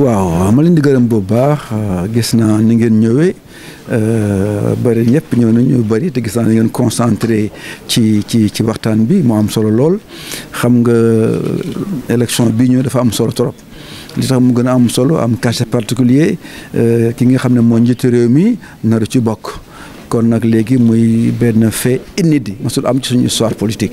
waaw ma leen di gërëm bu baax gis naa ni ngeen ñëwee euh, bëri ñëpp ñëw nañu bëri te gis naa ni ngeen concentré ci ci ci waxtaan bi mu am solo lool xam nga euh, élection bi ñëw dafa am solo trop. li tax mu gën a am solo am cachet particulier euh, ki nga xam ne moo njiitu réew mi nar ci bokk. kon nag léegi muy benn fait inédit mosul am ci suñu histoire politique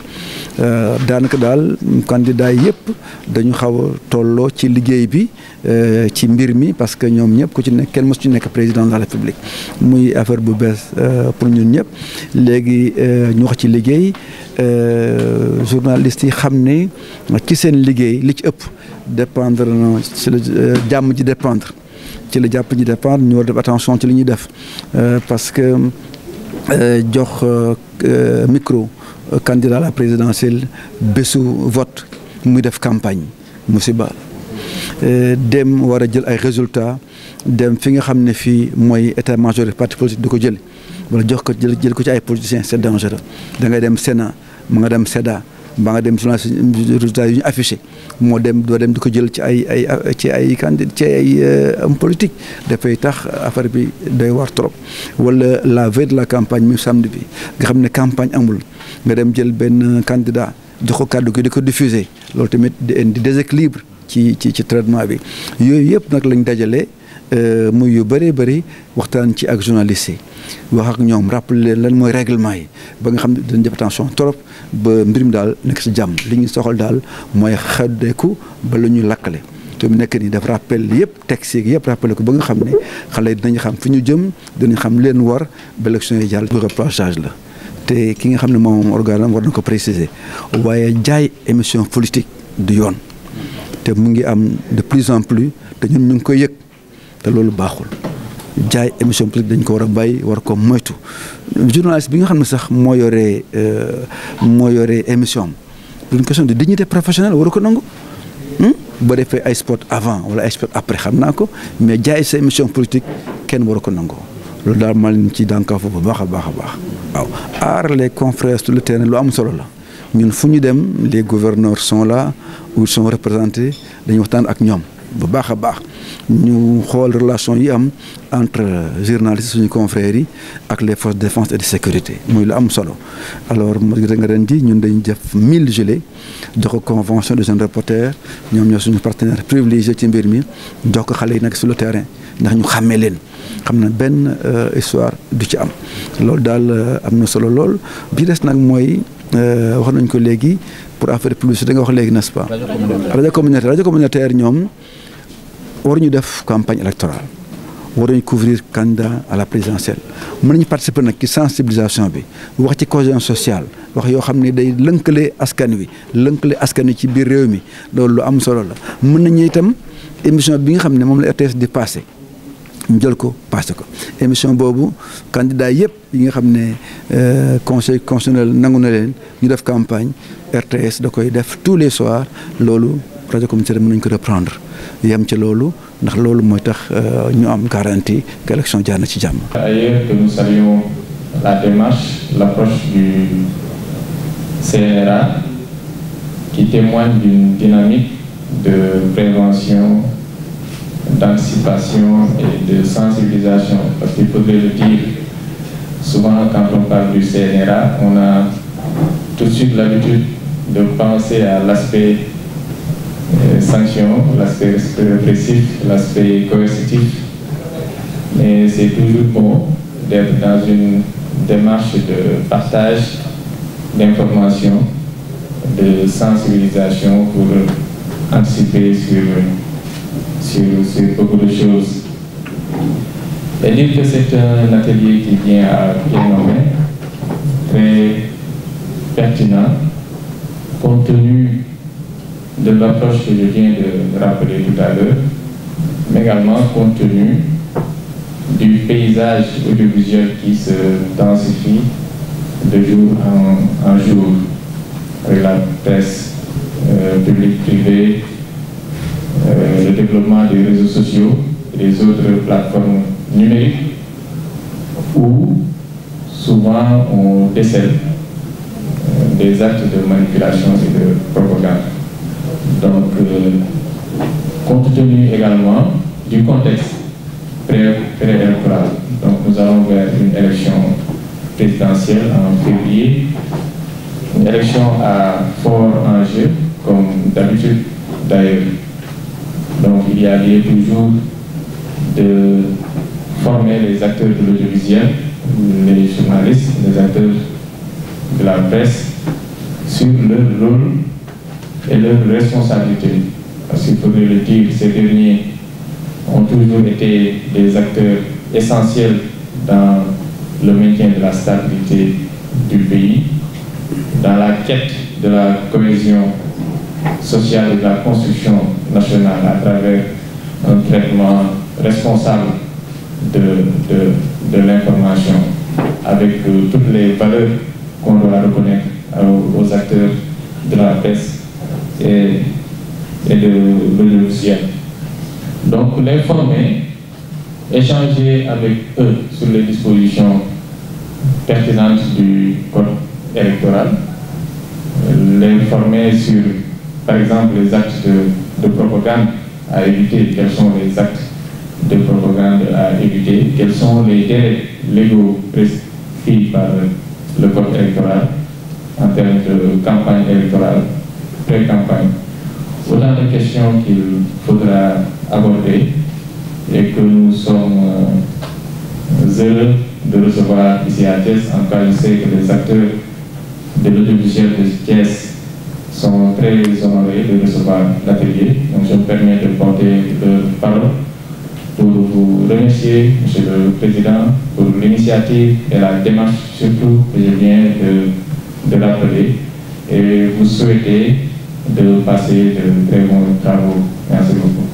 euh, daanaka daal candidat yëpp dañu xaw a tolloo ci liggéey bi euh, ci mbir mi parce que ñoom ñëpp ku ci nekk kenn mosu ci nekk président de la république muy affaire bu bees euh, pour ñun ñëpp léegi ñu wax ci liggéey journalistes yi xam ne ci seen liggéey li ci ëpp dépendre na jàmm ji dépendre ci la jàpp ji dépendre ñu war def attention ci li ñuy def parce que Euh, jox euh, euh, micro candidat à la présidentielle béssu vote muy def campagne musiba dem war a jël ay résultat dem fi nga xam ne fii mooy état major parti politique du ko jël wala jox ko jël jël ko ci ay politiciens c'est dangereux da ngay dem Sénat mu nga dem SEDA mbaa nga dem journal résultat yu ñu moo dem doo dem di ko jël ci ay ay ci ay candidat ay euh, homme politique dafay tax affaire bi doy war trop wala la veille la campagne même samedi bi nga xam ne campagne amul nga dem jël benn candidat jox ko kàddu di ko diffuser loolu tamit di indi déséquilibre ci ci ci traitement bi yooyu yëpp nag lañ dajalee Euh, mu yu bëree bëri waxtaan ci ak journaliste yi wax ak ñoom rappeler lan mooy réglement yi ba nga xam ne dañu def attention trop ba mbir mi daal nekk si jàmm li ñu soxal daal mooy xaddeeku ba lu ñu lakkale te mu nekk nii daf rappel yëpp texte yeeg yëpp rappelé ko ba nga xam ne xale yi xam fi ñu jëm dañu xam leen war ba élection yi jàll. reprochage la te ki nga xam ne moom organe war na ko préciser waaye jaay émission politique du yoon te mu ngi am de plus en plus te ñun ñu ngi koy yëg. te loolu baaxul jaay émission publique dañ ko war a bàyyi war ko moytu journaliste bi nga xam ne sax moo yore euh, moo yore émission am une question de dignité professionnelle war ko nangu hmm? ba defee ay sport avant wala ay après xam naa ko mais jaay sa émission politique kenn war ko nangu loolu daal maa leen ci dànkaafu bu baax a baax a baax waaw aar les confrères sur le terrain lu am solo la ñun fu ñu dem les gouverneurs son la ou ils sont représentés dañu waxtaan ak ñoom bu baax baax ñu xool relation yi am entre journalistes suñu confrères yi ak les forces de défense et de sécurité mooy lu am solo alors ma gis nga ren ji ñun dañu def mille gilets jox ko convention de jeunes reporters ñoom ñoo suñu partenaire privilégié ci mbir mi jox ko xale yi nag sur le terrain ndax ñu xàmmee leen xam na benn euh, histoire du ci am loolu daal euh, am na solo lool bi des nag mooy euh, wax nañ ko léegi pour affaire publicité da nga wax léegi n'est-ce pas rajo communautaire waruñu def campagne électorale waruñu couvrir candidat à la présidentielle mën nañu participer nag ci sensibilisation bi wax ci cohésion sociale wax yoo xam ne day lënkale askan wi lënkale askan wi ci biir réew mi loolu lu am solo la mën nañu itam émission bi nga xam ne moom la RTS di passé ñu jël ko passé ko émission boobu candidat yëpp yi nga xam ne euh, conseil constitutionnel nangu na leen ñu def campagne RTS da koy def tous les soirs loolu rajo communautaire mën nañu ko reprendre yem ci loolu ndax loolu mooy tax euh, ñu am garantie que élection ci jàmm. Ailleurs que nous saluons la démarche, l'approche du CNRA qui témoigne d'une dynamique de prévention, d'anticipation et de sensibilisation. Parce qu'il faudrait le dire, souvent quand on parle du CNRA, on a tout de suite l'habitude de penser à l'aspect sanction, l'aspect répressif, l'aspect coercitif. Mais c'est toujours bon d'être dans une démarche de partage d'informations, de sensibilisation pour anticiper sur, sur, beaucoup de choses. Et dire que c'est un atelier qui vient à bien nommer, très pertinent, compte tenu de l'approche que je viens de rappeler tout à l'heure, mais également du paysage audiovisuel qui se densifie de jour en, en jour, la presse euh, publique, euh, le développement des réseaux sociaux et des autres plateformes numériques, où souvent on décèle euh, des actes de manipulation et de propagande. Donc, euh, compte tenu également du contexte préélectoral, donc nous allons vers une élection présidentielle en février, une élection à fort enjeu, comme d'habitude d'ailleurs. Donc il y a lieu toujours de former les acteurs de l'audiovisuel, les journalistes, les acteurs de la presse sur leur rôle et leur responsabilité. Parce qu'il faudrait le dire, ces derniers ont toujours été des acteurs essentiels dans le maintien de la stabilité du pays, dans la quête de la cohésion sociale et de la construction nationale à travers un traitement responsable de, l'information avec toutes les valeurs qu'on doit reconnaître aux acteurs de la presse et, et de, de Donc les former, échanger avec eux sur les dispositions pertinentes du code électoral, les former sur, par exemple, les actes de, de à éviter, quels sont les actes de propagande à éviter, quels sont les délais légaux prescrits par le code électoral en termes de campagne électorale pré-campagne. Autant de questions qu'il faudra aborder et que nous sommes euh, heureux de recevoir ici à Thiès. En cas, je sais que les acteurs de l'audiovisuel de Thiès sont très honorés de recevoir l'atelier. Donc, je permets de porter leur parole pour vous remercier, Monsieur le Président, pour l'initiative et la démarche surtout je viens de, de et vous souhaiter de passer de très bons travaux. Merci